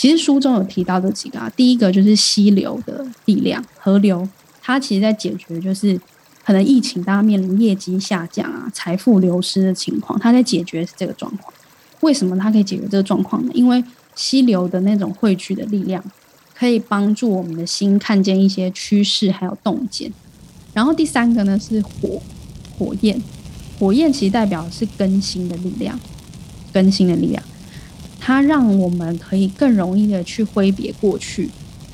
其實書中有提到這幾個，啊，第一個就是溪流的力量，河流它其實在解決就是可能疫情大家面臨業績下降啊、財富流失的情況，它在解決這個狀況。為什麼它可以解決這個狀況呢？因為溪流的那種匯聚的力量，可以幫助我們的心看見一些趨勢，還有洞見。然後第三個呢是火，火焰，火焰其實代表的是更新的力量，更新的力量。它讓我們可以更容易的去揮別過去，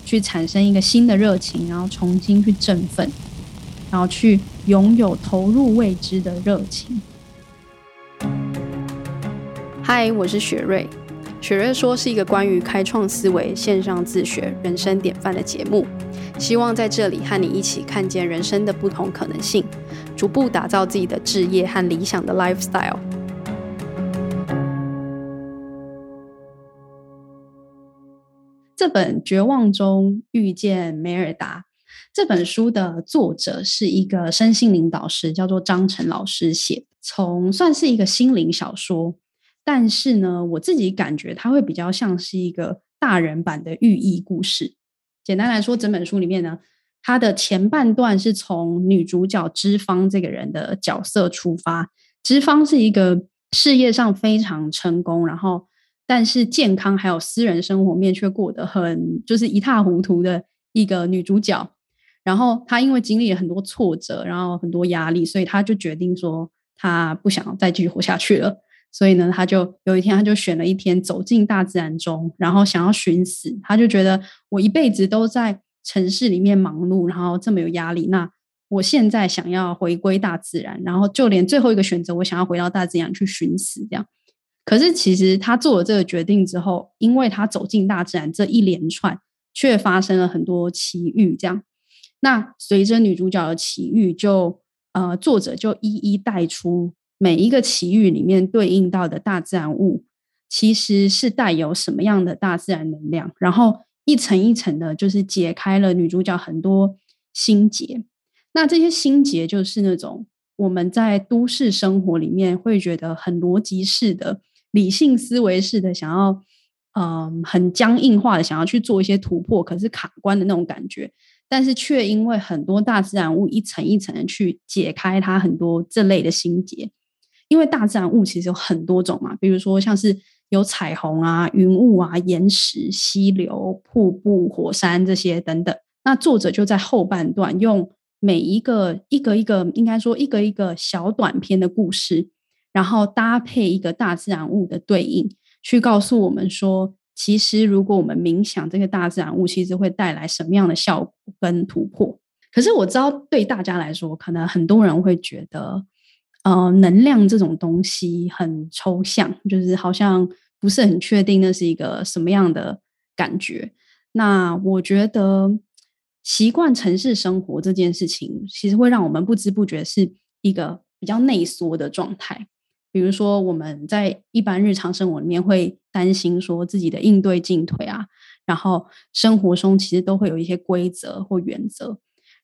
去產生一個新的熱情，然後重新去振奮，然後去擁有投入未知的熱情。嗨，我是雪瑞。雪瑞說是一個關於開創思維、線上自學、人生典範的節目，希望在這裡和你一起看見人生的不同可能性，逐步打造自己的志業和理想的 lifestyle。這本《絕望中遇見梅爾達》這本書的作者是一個身心靈導師，叫做張晨老師寫的。從算是一個心靈小說，但是呢，我自己感覺它會比較像是一個大人版的寓意故事。簡單來說，整本書裡面呢，它的前半段是從女主角知芳這個人的角色出發。知芳是一個事業上非常成功，然後，但是健康還有私人生活面卻過得很就是一塌糊塗的一個女主角，然後她因為經歷了很多挫折，然後很多壓力，所以她就決定說她不想再繼續活下去了。所以呢，她就有一天，她就選了一天走進大自然中，然後想要尋死。她就覺得我一輩子都在城市裡面忙碌，然後這麼有壓力，那我現在想要回歸大自然，然後就連最後一個選擇，我想要回到大自然去尋死，這樣。可是，其實他做了這個決定之後，因為他走進大自然這一連串，卻發生了很多奇遇這樣。那隨着女主角的奇遇就，就呃，作者就一一帶出每一個奇遇裡面對應到的大自然物，其實是帶有什麼樣的大自然能量，然後一層一層的，就是解開了女主角很多心結。那這些心結，就是那種我們在都市生活裡面會覺得很邏輯式的。理性思維式的想要，嗯，很僵硬化的想要去做一些突破，可是卡關的那種感覺。但是卻因為很多大自然物一層一層的去解開它很多這類的心結，因為大自然物其實有很多種嘛，比如說像是有彩虹啊、雲霧啊、岩石、溪流、瀑布、火山這些等等。那作者就在後半段用每一個一個一個，應該說一個一個小短篇的故事。然後搭配一個大自然物的對應，去告訴我們說，其實如果我們冥想這個大自然物，其實會帶來什麼樣的效果跟突破。可是我知道對大家來說，可能很多人會覺得，呃，能量這種東西很抽象，就是好像不是很確定那是一個什麼樣的感覺。那我覺得，習慣城市生活這件事情，其實會讓我們不知不覺是一個比較內縮的狀態。比如說，我們在一般日常生活裡面會擔心說自己的應對進退啊，然後生活中其實都會有一些規則或原則，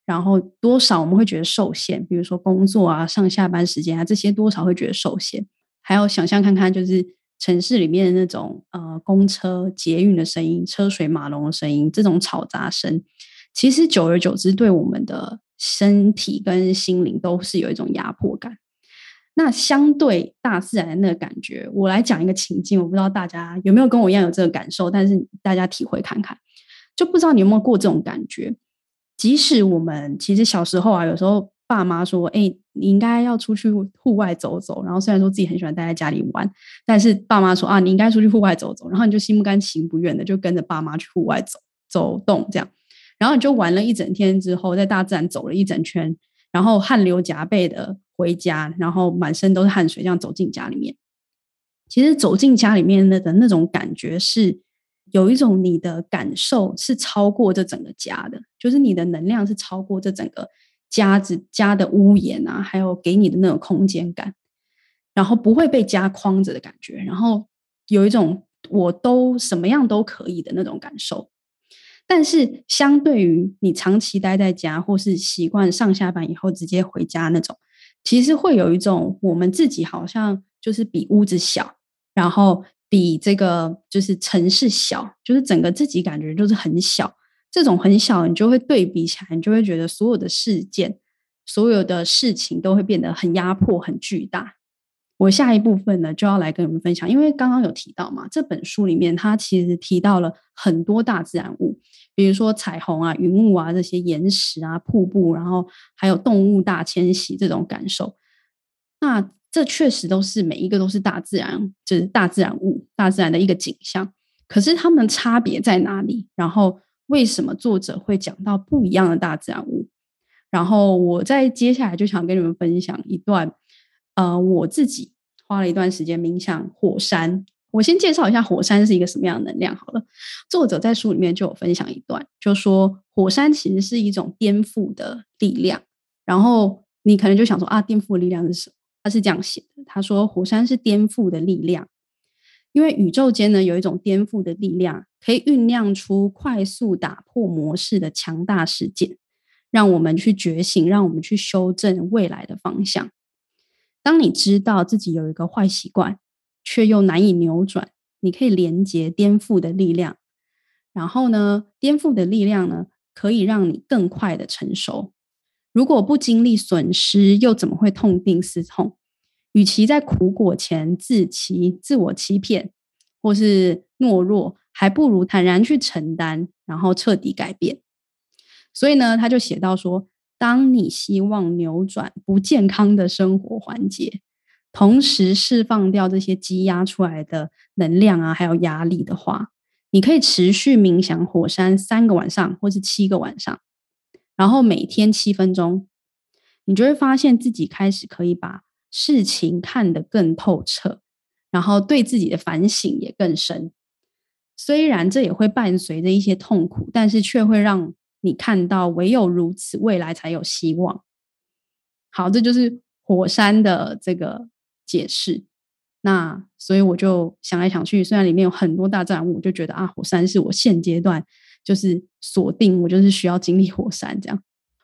然後多少我們會覺得受限，比如說工作啊、上下班時間啊這些，多少會覺得受限。還有想象看看，就是城市裡面的那種呃，公車、捷運的聲音、車水馬龍的聲音，這種嘈雜聲，其實久而久之對我們的身體跟心靈都是有一種壓迫感。那相對大自然的那個感覺，我來講一個情境，我不知道大家有沒有跟我一樣有這個感受，但是大家體會看看，就不知道你有沒有過這種感覺。即使我們其實小時候啊，有時候爸媽說：“哎，你應該要出去戶外走走。”然後雖然說自己很喜歡待在家裡玩，但是爸媽說：“啊，你應該出去戶外走走。”然後你就心不甘情不願的就跟着爸媽去戶外走走動這樣，然後你就玩了一整天之後，在大自然走了一整圈，然後汗流浹背的。回家，然後滿身都是汗水，這樣走進家裡面。其實走進家裡面的那種感覺是有一種你的感受是超過這整個家的，就是你的能量是超過這整個家子家的屋檐，啊，還有給你的那種空間感，然後不會被家框着的感覺，然後有一種我都什麼樣都可以的那種感受。但是相對於你長期待在家，或是習慣上下班以後直接回家那種。其實會有一種我們自己好像就是比屋子小，然後比這個就是城市小，就是整個自己感覺就是很小。這種很小，你就會對比起來，你就會覺得所有的事件、所有的事情都會變得很壓迫、很巨大。我下一部分呢，就要來跟你們分享，因為剛剛有提到嘛，這本書裡面它其實提到了很多大自然物。比如說彩虹啊、雲霧啊這些岩石啊、瀑布，然後還有動物大遷徙這種感受，那這確實都是每一個都是大自然，就是大自然物、大自然的一個景象。可是它們差別在哪裡？然後為什麼作者會講到不一樣的大自然物？然後我在接下來就想跟你們分享一段，呃，我自己花了一段時間冥想火山。我先介紹一下火山是一個什麼樣的能量好了。作者在書裡面就有分享一段，就說火山其實是一種顛覆的力量。然後你可能就想說啊，顛覆的力量是什麼？他是這樣寫的，他說火山是顛覆的力量，因為宇宙間呢有一種顛覆的力量，可以醞釀出快速打破模式的強大事件，讓我們去覺醒，讓我們去修正未來的方向。當你知道自己有一個壞習慣，卻又難以扭轉，你可以連接顛覆的力量。然後呢，顛覆的力量呢，可以讓你更快的成熟。如果不經歷損失，又怎麼會痛定思痛？與其在苦果前自欺、自我欺騙，或是懦弱，還不如坦然去承擔，然後徹底改變。所以呢，他就寫到說：當你希望扭轉不健康的生活環節。同時釋放掉這些積壓出來的能量啊，還有壓力的話，你可以持續冥想火山三個晚上，或是七個晚上，然後每天七分鐘，你就會發現自己開始可以把事情看得更透徹，然後對自己的反省也更深。雖然這也會伴隨着一些痛苦，但是卻會讓你看到唯有如此，未來才有希望。好，這就是火山的這個。解釋，那所以我就想來想去，雖然裡面有很多大自然物，我就覺得啊，火山是我現階段就是鎖定，我就是需要經歷火山這樣。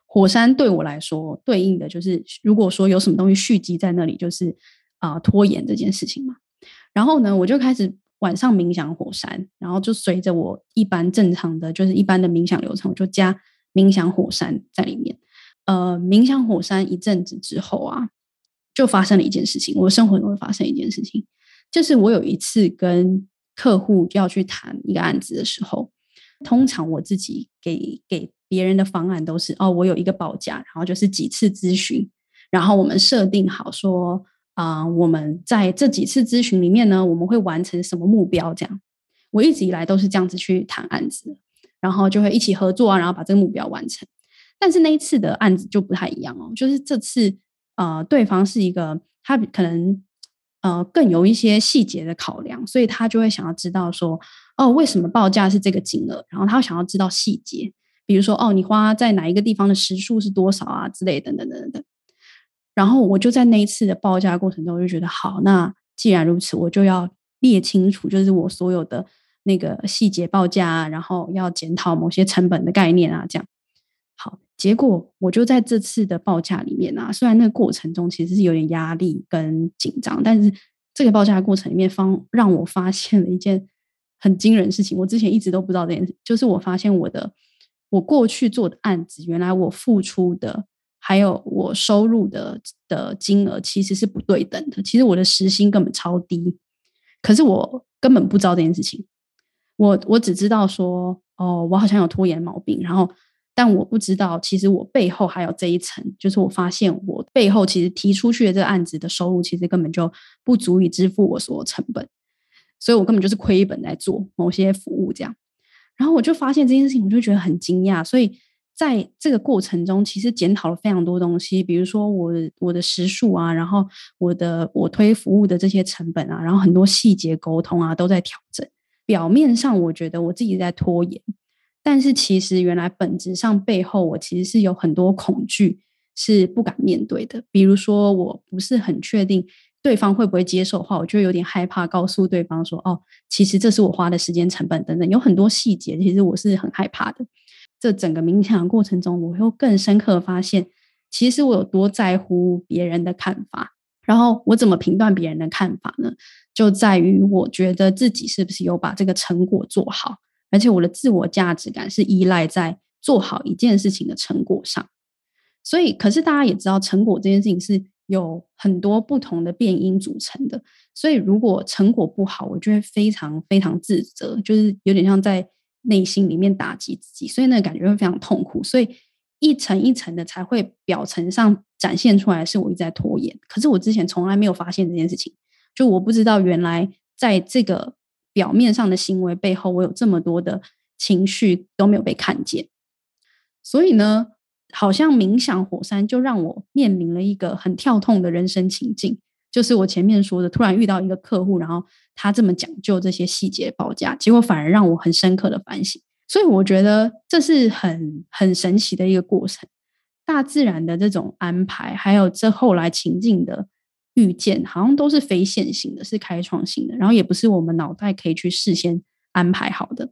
火山對我來說，對應的就是如果說有什麼東西蓄積在那裡，就是啊、呃、拖延這件事情嘛。然後呢，我就開始晚上冥想火山，然後就隨着我一般正常的就是一般的冥想流程，我就加冥想火山在裡面。呃，冥想火山一陣子之後啊。就發生了一件事情，我生活中會發生一件事情，就是我有一次跟客戶要去談一個案子的時候，通常我自己給給別人的方案都是哦，我有一個報價，然後就是幾次諮詢，然後我們設定好說啊、呃，我們在這幾次諮詢裡面呢，我們會完成什麼目標？這樣，我一直以來都是這樣子去談案子，然後就會一起合作啊，然後把這個目標完成。但是那一次的案子就不太一樣哦，就是這次。呃，對方是一個他可能呃更有一些細節的考量，所以他就會想要知道說，哦，為什麼報價是這個金額？然後他想要知道細節，比如說哦，你花在哪一個地方的時數是多少啊之類的等等等等。然後我就在那一次的報價過程中，我就覺得好，那既然如此，我就要列清楚，就是我所有的那個細節報價啊，然後要檢討某些成本的概念啊這樣。結果我就在這次的報價裡面呢、啊，雖然那個過程中其實是有點壓力跟緊張，但是這個報價的過程裡面，方讓我發現了一件很驚人的事情。我之前一直都不知道這件事，就是我發現我的我過去做的案子，原來我付出的還有我收入的的金額其實是不對等的。其實我的時薪根本超低，可是我根本不知道這件事情。我我只知道說，哦，我好像有拖延毛病，然後。但我不知道，其實我背後還有這一層，就是我發現我背後其實提出去的這個案子的收入，其實根本就不足以支付我所有成本，所以我根本就是虧本在做某些服務這樣。然後我就發現這件事情，我就覺得很驚訝。所以在這個過程中，其實檢討了非常多東西，比如說我我的時數啊，然後我的我推服務的這些成本啊，然後很多細節溝通啊，都在調整。表面上我覺得我自己在拖延。但是其實原來本質上背後，我其實是有很多恐懼是不敢面對的。比如說，我不是很確定對方會不會接受的話，我就會有點害怕告訴對方說：“哦，其實這是我花的時間成本等等。”有很多細節，其實我是很害怕的。這整個冥想的過程中，我又更深刻發現，其實我有多在乎別人的看法，然後我怎麼評斷別人的看法呢？就在於我覺得自己是不是有把這個成果做好。而且我的自我價值感是依賴在做好一件事情的成果上，所以，可是大家也知道，成果這件事情是有很多不同的變因組成的。所以，如果成果不好，我就會非常非常自責，就是有點像在內心裡面打擊自己，所以那個感覺會非常痛苦。所以一層一層的，才會表層上展現出來是我一直在拖延。可是我之前從來沒有發現這件事情，就我不知道原來在這個。表面上的行為背後，我有這麼多的情緒都沒有被看見，所以呢，好像冥想火山就讓我面臨了一個很跳痛的人生情境，就是我前面說的，突然遇到一個客戶，然後他這麼講究這些細節報價，結果反而讓我很深刻的反省，所以我覺得這是很很神奇的一個過程，大自然的這種安排，還有這後來情境的。遇見好像都是非線性的，是開創性的，然後也不是我們腦袋可以去事先安排好的。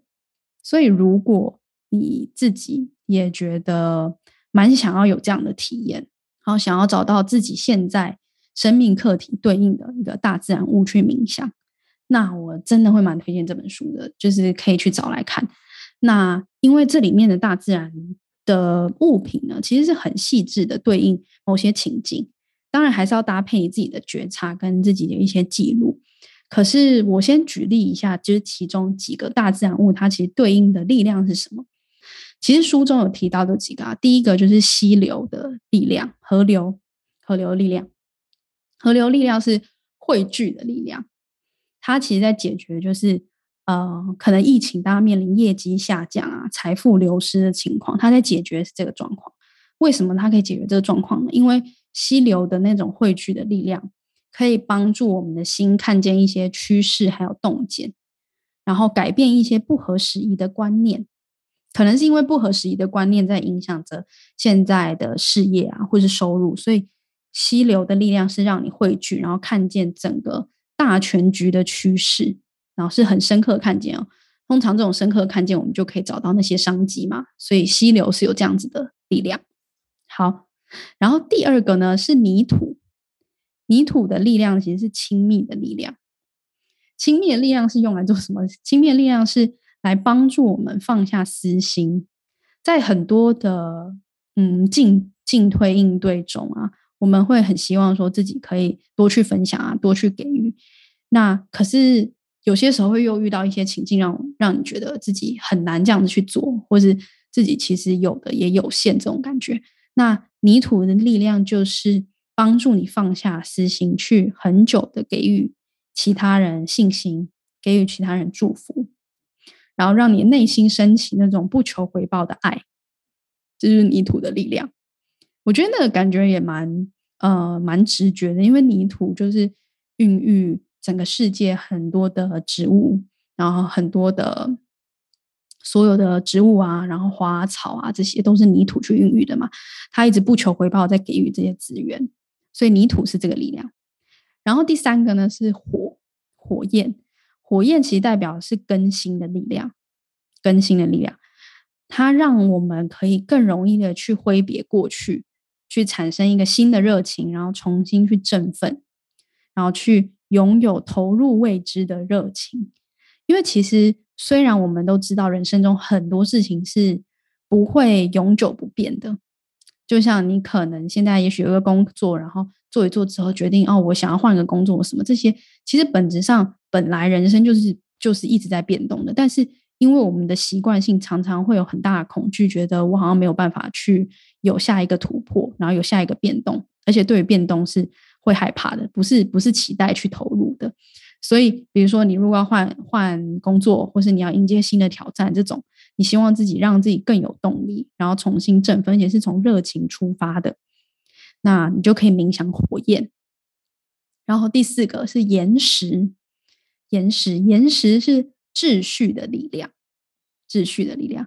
所以，如果你自己也覺得蠻想要有這樣的體驗，然後想要找到自己現在生命課題對應的一個大自然物去冥想，那我真的會蠻推薦這本書的，就是可以去找來看。那因為這裡面的大自然的物品呢，其實是很細緻的對應某些情景。當然還是要搭配你自己的覺察跟自己的一些記錄。可是我先舉例一下，就是其中幾個大自然物，它其實對應的力量是什麼？其實書中有提到的幾個啊，第一個就是溪流的力量，河流，河流力量，河流力量是匯聚的力量。它其實在解決就是呃，可能疫情大家面臨業績下降啊，財富流失的情況，它在解決是這個狀況。為什麼它可以解決這個狀況呢？因為溪流的那種匯聚的力量，可以幫助我們的心看見一些趨勢，還有洞見，然後改變一些不合時宜的觀念。可能是因為不合時宜的觀念在影響着現在的事業啊，或者是收入。所以溪流的力量是讓你匯聚，然後看見整個大全局的趨勢，然後是很深刻看見哦。通常這種深刻看見，我們就可以找到那些商機嘛。所以溪流是有這樣子的力量。好，然後第二個呢是泥土，泥土的力量其實是親密的力量，親密的力量是用來做什麼？親密的力量是來幫助我們放下私心，在很多的嗯進進退應對中啊，我們會很希望說自己可以多去分享啊，多去給予。那可是有些時候會又遇到一些情境讓，讓讓你覺得自己很難這樣子去做，或是自己其實有的也有限這種感覺。那泥土的力量就是幫助你放下私心，去很久的給予其他人信心，給予其他人祝福，然後讓你內心升起那種不求回報的愛。這就是泥土的力量。我覺得那個感覺也蠻呃蠻直覺的，因為泥土就是孕育整個世界很多的植物，然後很多的。所有的植物啊，然後花草啊，這些都是泥土去孕育的嘛。它一直不求回報在給予這些資源，所以泥土是這個力量。然後第三個呢是火，火焰，火焰其實代表的是更新的力量，更新的力量，它讓我們可以更容易的去揮別過去，去產生一個新的熱情，然後重新去振奮，然後去擁有投入未知的熱情，因為其實。雖然我們都知道，人生中很多事情是不會永久不變的，就像你可能現在也許有個工作，然後做一做之後決定，哦，我想要換個工作什麼這些，其實本質上本來人生就是就是一直在變動的。但是因為我們的習慣性，常常會有很大的恐懼，覺得我好像沒有辦法去有下一個突破，然後有下一個變動，而且對於變動是會害怕的，不是不是期待去投入的。所以，比如說，你如果要換換工作，或是你要迎接新的挑戰，這種你希望自己讓自己更有動力，然後重新振奮，而且是從熱情出發的，那你就可以冥想火焰。然後第四個是岩石，岩石，岩石是秩序的力量，秩序的力量，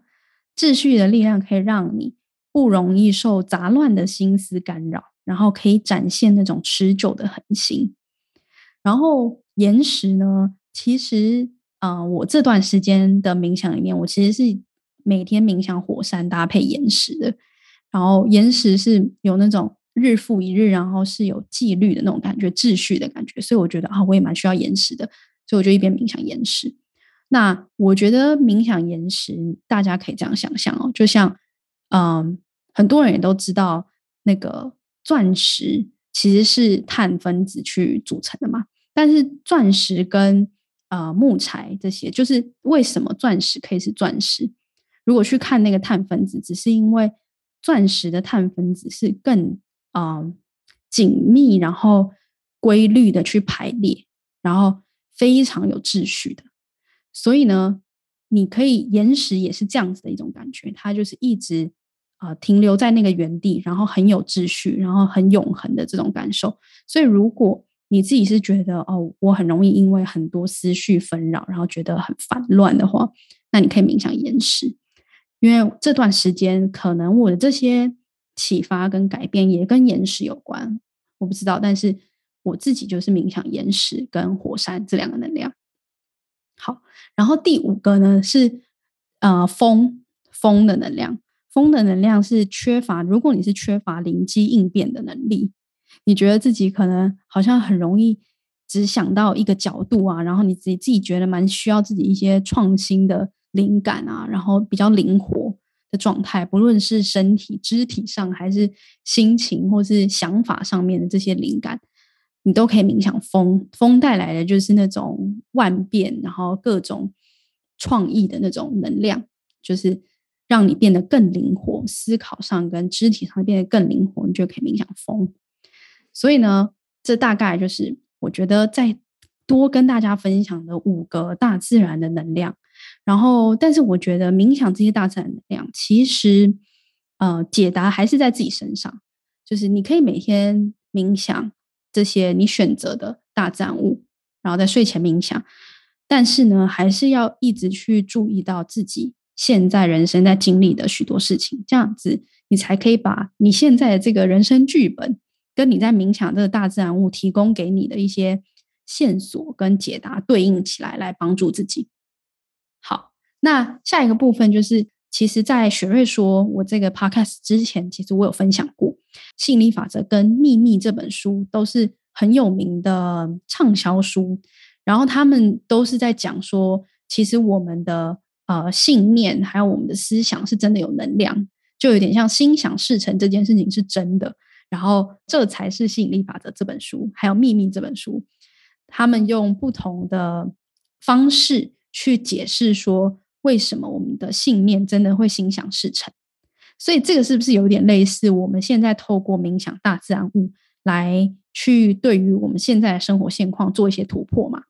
秩序的力量可以讓你不容易受雜亂的心思干擾，然後可以展現那種持久的恆心。然後岩石呢？其實，啊、呃、我這段時間的冥想裡面，我其實是每天冥想火山搭配岩石的。然後岩石是有那種日復一日，然後是有紀律的那種感覺、秩序的感覺，所以我覺得啊，我也蠻需要岩石的。所以我就一邊冥想岩石。那我覺得冥想岩石，大家可以這樣想象哦，就像，嗯、呃，很多人也都知道那個鑽石其實是碳分子去組成的嘛。但是鑽石跟呃木材這些，就是為什麼鑽石可以是鑽石？如果去看那個碳分子，只是因為鑽石的碳分子是更呃緊密，然後規律的去排列，然後非常有秩序的。所以呢，你可以岩石也是這樣子的一種感覺，它就是一直呃停留在那個原地，然後很有秩序，然後很永恆的這種感受。所以如果你自己是覺得哦，我很容易因為很多思緒紛擾，然後覺得很煩亂的話，那你可以冥想岩石，因為這段時間可能我的這些啟發跟改變也跟岩石有關，我不知道，但是我自己就是冥想岩石跟火山這兩個能量。好，然後第五個呢是呃風風的能量，風的能量是缺乏，如果你是缺乏靈機應變的能力。你覺得自己可能好像很容易只想到一個角度啊，然後你自己自己覺得蠻需要自己一些創新的靈感啊，然後比較靈活的狀態，不論是身體、肢體上，還是心情或是想法上面的這些靈感，你都可以冥想風。風帶來的就是那種萬變，然後各種創意的那種能量，就是讓你變得更靈活，思考上跟肢體上變得更靈活，你就可以冥想風。所以呢，這大概就是我覺得再多跟大家分享的五個大自然的能量。然後，但是我覺得冥想這些大自然能量，其實呃，解答還是在自己身上。就是你可以每天冥想這些你選擇的大自然物，然後在睡前冥想。但是呢，還是要一直去注意到自己現在人生在經歷的許多事情，這樣子你才可以把你現在的這個人生劇本。跟你在冥想這個大自然物提供給你的一些線索跟解答對應起來，來幫助自己。好，那下一個部分就是，其實，在雪瑞說我這個 podcast 之前，其實我有分享過《心理法則》跟《秘密》這本書，都是很有名的暢銷書。然後他們都是在講說，其實我們的呃信念還有我們的思想是真的有能量，就有點像心想事成這件事情是真的。然後，這才是《吸引力法則》這本書，還有《秘密》這本書，他們用不同的方式去解釋說，為什麼我們的信念真的會心想事成。所以，這個是不是有點類似我們現在透過冥想大自然物來去對於我們現在的生活現況做一些突破嘛？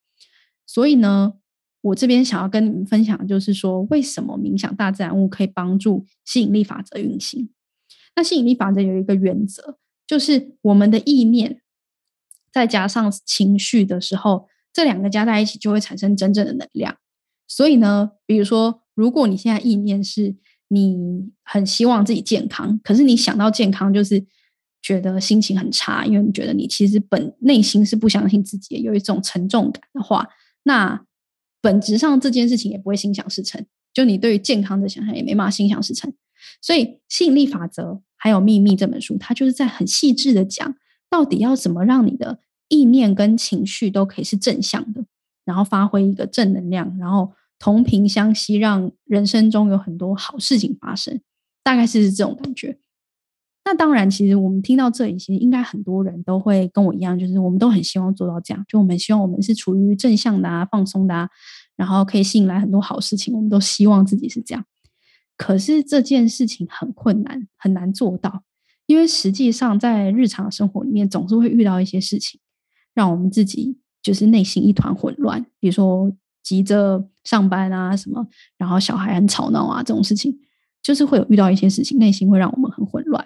所以呢，我這邊想要跟你們分享的，就是說，為什麼冥想大自然物可以幫助吸引力法則運行？那吸引力法則有一個原則。就是我們的意念，再加上情緒的時候，這兩個加在一起就會產生真正的能量。所以呢，比如說，如果你現在意念是你很希望自己健康，可是你想到健康就是覺得心情很差，因為你覺得你其實本內心是不相信自己，有一種沉重感的話，那本質上這件事情也不會心想事成。就你對於健康的想象也沒辦法心想事成。所以吸引力法則。還有《秘密》這本書，它就是在很細緻的講，到底要怎麼讓你的意念跟情緒都可以是正向的，然後發揮一個正能量，然後同頻相吸，讓人生中有很多好事情發生。大概是是這種感覺。那當然，其實我們聽到這裡，其實應該很多人都會跟我一樣，就是我們都很希望做到這樣，就我們希望我們是處於正向的啊，放鬆的啊，然後可以吸引來很多好事情。我們都希望自己是這樣。可是這件事情很困難，很難做到，因為實際上在日常生活裡面，總是會遇到一些事情，讓我們自己就是內心一團混亂。比如說急着上班啊，什麼，然後小孩很吵鬧啊，這種事情，就是會有遇到一些事情，內心會讓我們很混亂，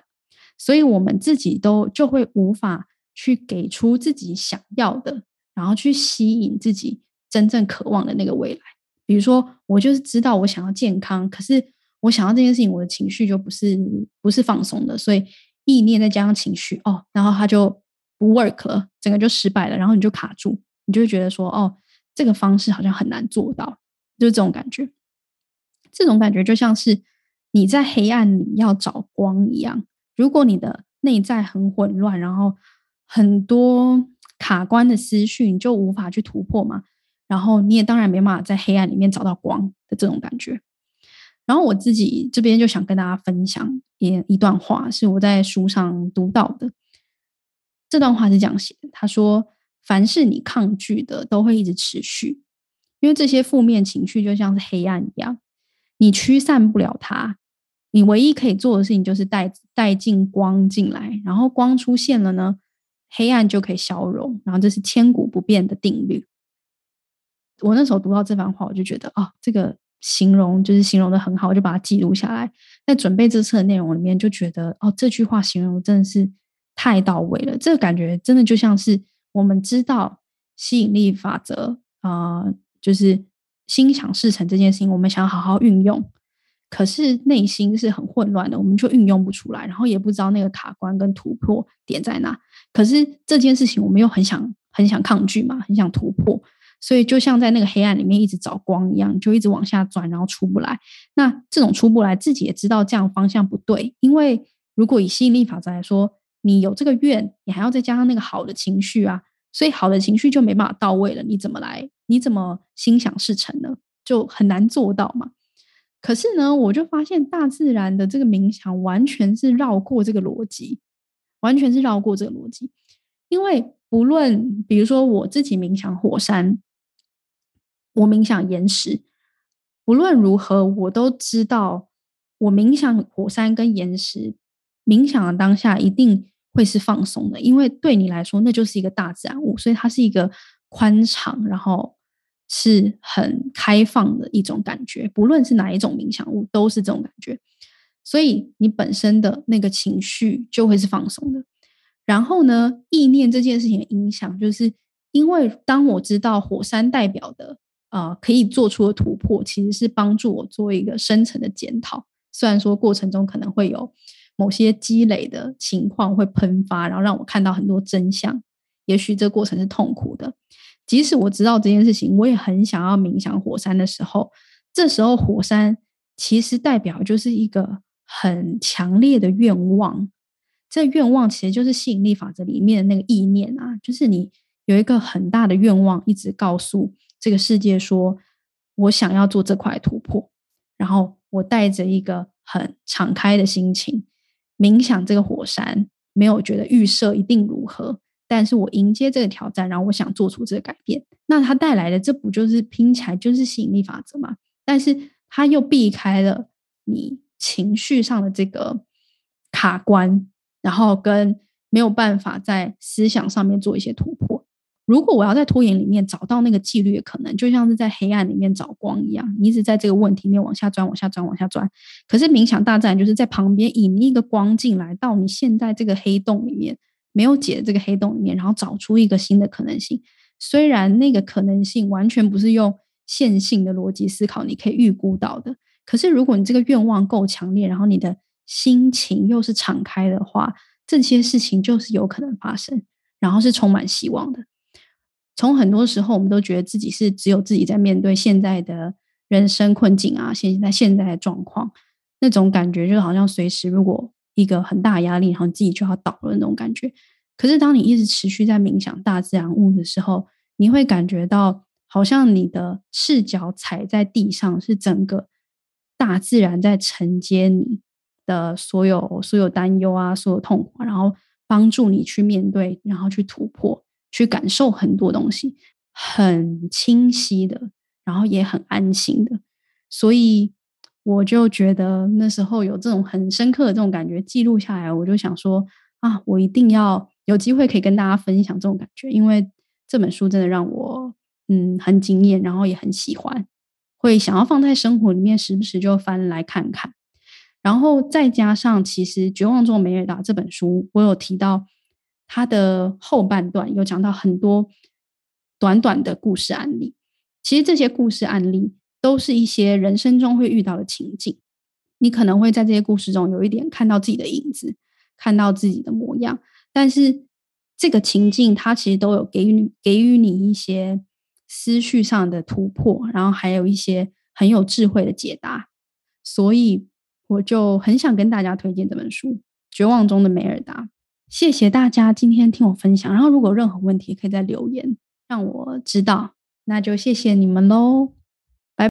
所以我們自己都就會無法去給出自己想要的，然後去吸引自己真正渴望的那個未來。比如說，我就是知道我想要健康，可是……我想到這件事情，我的情緒就不是不是放鬆的，所以意念再加上情緒哦，然後它就不 work 了，整個就失敗了，然後你就卡住，你就會覺得說哦，這個方式好像很難做到，就是這種感覺。這種感覺就像是你在黑暗裡要找光一樣。如果你的內在很混亂，然後很多卡關的思緒，你就無法去突破嘛，然後你也當然沒辦法在黑暗裡面找到光的這種感覺。然後我自己這邊就想跟大家分享一一段話，是我在書上讀到的。這段話是這樣寫的，他說：“凡是你抗拒的，都會一直持續，因為這些負面情緒就像是黑暗一樣，你驅散不了它。你唯一可以做的事情，就是帶帶進光進來，然後光出現了呢，黑暗就可以消融。然後這是千古不變的定律。”我那時候讀到這番話，我就覺得啊、哦，這個。形容就是形容的很好，我就把它記錄下來。在準備這次的內容裡面，就覺得哦，這句話形容真的是太到位了。這個感覺真的就像是我們知道吸引力法則啊、呃，就是心想事成這件事情，我們想要好好運用，可是內心是很混亂的，我們就運用不出來，然後也不知道那個卡關跟突破點在哪。可是這件事情，我們又很想很想抗拒嘛，很想突破。所以就像在那個黑暗裡面一直找光一樣，就一直往下轉，然後出不來。那這種出不來，自己也知道這樣方向不對，因為如果以吸引力法則來說，你有這個願，你還要再加上那個好的情緒啊，所以好的情緒就沒辦法到位了。你怎麼來？你怎麼心想事成呢？就很難做到嘛。可是呢，我就發現大自然的這個冥想完全是繞過這個邏輯，完全是繞過這個邏輯，因為不論比如說我自己冥想火山。我冥想岩石，不論如何，我都知道我冥想火山跟岩石冥想的當下，一定會是放鬆的，因為對你來說，那就是一個大自然物，所以它是一個寬敞，然後是很開放的一種感覺。不論是哪一種冥想物，都是這種感覺，所以你本身的那個情緒就會是放鬆的。然後呢，意念這件事情的影響，就是因為當我知道火山代表的。呃，可以做出的突破，其實是幫助我做一個深層的檢討。雖然說過程中可能會有某些積累的情況會噴發，然後讓我看到很多真相。也許這過程是痛苦的，即使我知道這件事情，我也很想要冥想火山的時候。這時候火山其實代表就是一個很強烈的願望，這願望其實就是吸引力法則裡面的那個意念啊，就是你有一個很大的願望一直告訴。這個世界說，我想要做這塊突破，然後我帶着一個很敞開的心情，冥想這個火山，沒有覺得預設一定如何，但是我迎接這個挑戰，然後我想做出這個改變，那它帶來的這不就是拼起來就是吸引力法則嘛？但是它又避開了你情緒上的這個卡關，然後跟沒有辦法在思想上面做一些突破。如果我要在拖延裡面找到那個紀律的可能，就像是在黑暗裡面找光一樣，你一直在這個問題裡面往下鑽、往下鑽、往下鑽。可是冥想大戰就是在旁邊引一個光進來，到你現在這個黑洞裡面，沒有解的這個黑洞裡面，然後找出一個新的可能性。雖然那個可能性完全不是用線性的邏輯思考你可以預估到的，可是如果你這個願望夠強烈，然後你的心情又是敞開的話，這些事情就是有可能發生，然後是充滿希望的。從很多時候，我們都覺得自己是只有自己在面對現在的人生困境啊，現在現在的狀況，那種感覺就好像隨時如果一個很大壓力，然後自己就要倒了那種感覺。可是當你一直持續在冥想大自然物的時候，你會感覺到好像你的赤腳踩在地上，是整個大自然在承接你的所有、所有擔憂啊、所有痛苦，然後幫助你去面對，然後去突破，去感受很多東西，很清晰的，然後也很安心的，所以我就覺得那時候有這種很深刻的這種感覺，記錄下來，我就想說啊，我一定要有機會可以跟大家分享這種感覺，因為這本書真的讓我嗯很驚豔，然後也很喜歡，會想要放在生活裡面時不時就翻來看看。然後再加上，其實《絕望中梅爾達》這本書，我有提到。他的後半段有講到很多短短的故事案例，其實這些故事案例都是一些人生中會遇到的情境，你可能會在這些故事中有一點看到自己的影子，看到自己的模樣。但是這個情境它其實都有給予你給予你一些思緒上的突破，然後還有一些很有智慧的解答。所以我就很想跟大家推薦這本書《絕望中的梅爾達》。謝謝大家今天聽我分享，然後如果有任何問題，可以再留言讓我知道，那就謝謝你們嘍。